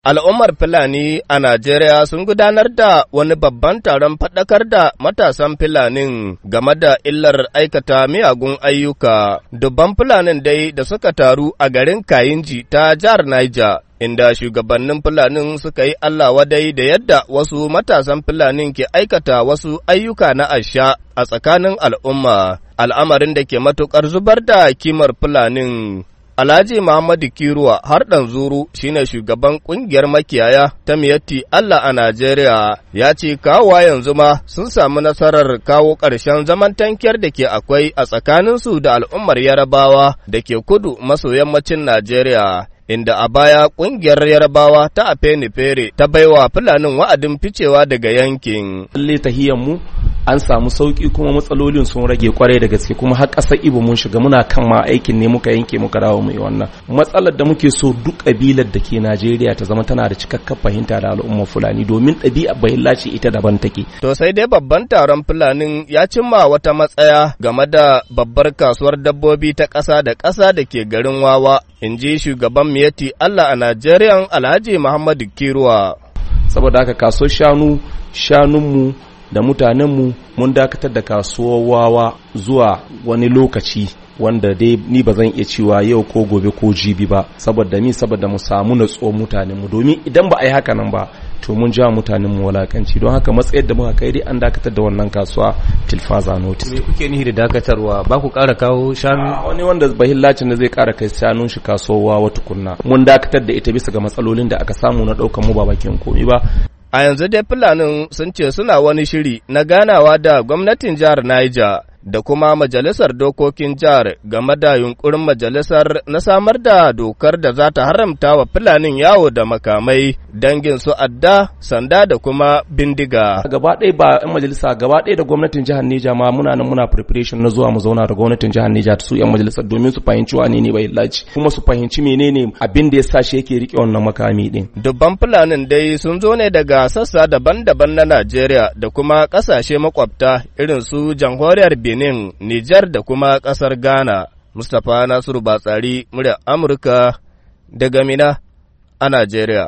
Al'ummar Fulani a Najeriya sun gudanar da wani babban taron faɗakar da matasan Fulanin game da illar aikata miyagun ayyuka. Dubban Fulanin dai da suka taru a garin Kayinji ta jihar Niger inda shugabannin Fulanin suka yi Allah wadai da yadda wasu matasan Fulanin ke aikata wasu ayyuka na asha a tsakanin al'umma, al'amarin da ke matuƙar zubar da kimar Fulanin. Alhaji Muhammadu Kiruwa har ɗan zuru shine shugaban ƙungiyar makiyaya ta miyatti Allah a Najeriya ya ce kawowa yanzu ma sun samu nasarar kawo ƙarshen zaman tankiyar da ke akwai a tsakaninsu da al'ummar Yarabawa da ke kudu maso yammacin Najeriya. inda a baya ƙungiyar yarabawa ta fere ta baiwa fulanin wa'adin ficewa daga yankin. Lalle mu an samu sauki kuma matsalolin sun rage kwarai da gaske kuma har ƙasar ibo mun shiga muna kan ma aikin ne muka yanke muka dawo yi wannan matsalar da muke so duk kabilar da ke najeriya ta zama tana da cikakken fahimta da al'ummar fulani domin ɗabi'a bahilla ce ita daban take to sai dai babban taron fulanin ya cimma wata matsaya game da babbar kasuwar dabbobi ta ƙasa da ƙasa da ke garin wawa in ji shugaban miyati allah a najeriya alhaji muhammadu kiruwa saboda haka kaso shanu shanunmu da mutanenmu mun dakatar da kasuwawa wawa zuwa wani lokaci wanda dai ni ba zan iya cewa yau ko gobe ko jibi ba saboda mi saboda mu samu tso mutanenmu domin idan ba a yi haka nan ba to mun ja mutanen mu walakanci don haka matsayar da muka kai dai an dakatar da wannan kasuwa tilfaza notice me kuke nihi da dakatarwa ba ku ƙara kawo shanu wani wanda bahillacin da zai ƙara kai shanun shi kasuwa wata kunna mun dakatar da ita bisa ga matsalolin da aka samu na ɗaukar mu ba bakin komi ba A yanzu dai Fulanin sun ce suna wani shiri na ganawa da gwamnatin jihar Niger da kuma Majalisar Dokokin Jihar game da yunkurin majalisar na samar da dokar da za ta haramta wa Fulanin yawo da makamai dangin su adda, sanda da kuma bindiga. Gaba ɗaya ba 'yan majalisa gaba ɗaya da gwamnatin jihar Neja ma muna nan muna preparation na zuwa mu zauna da gwamnatin jihar Neja su 'yan majalisar domin su fahimci wa ne bai laji kuma su fahimci menene abin da ya sa shi yake rike wannan makami din. Dubban Fulanin dai sun zo ne daga sassa daban-daban na Najeriya da kuma ƙasashe makwabta irin su jamhuriyar Benin, Nijar da kuma ƙasar Ghana, Mustapha Nasiru Batsari, murya Amurka daga Mina a Najeriya.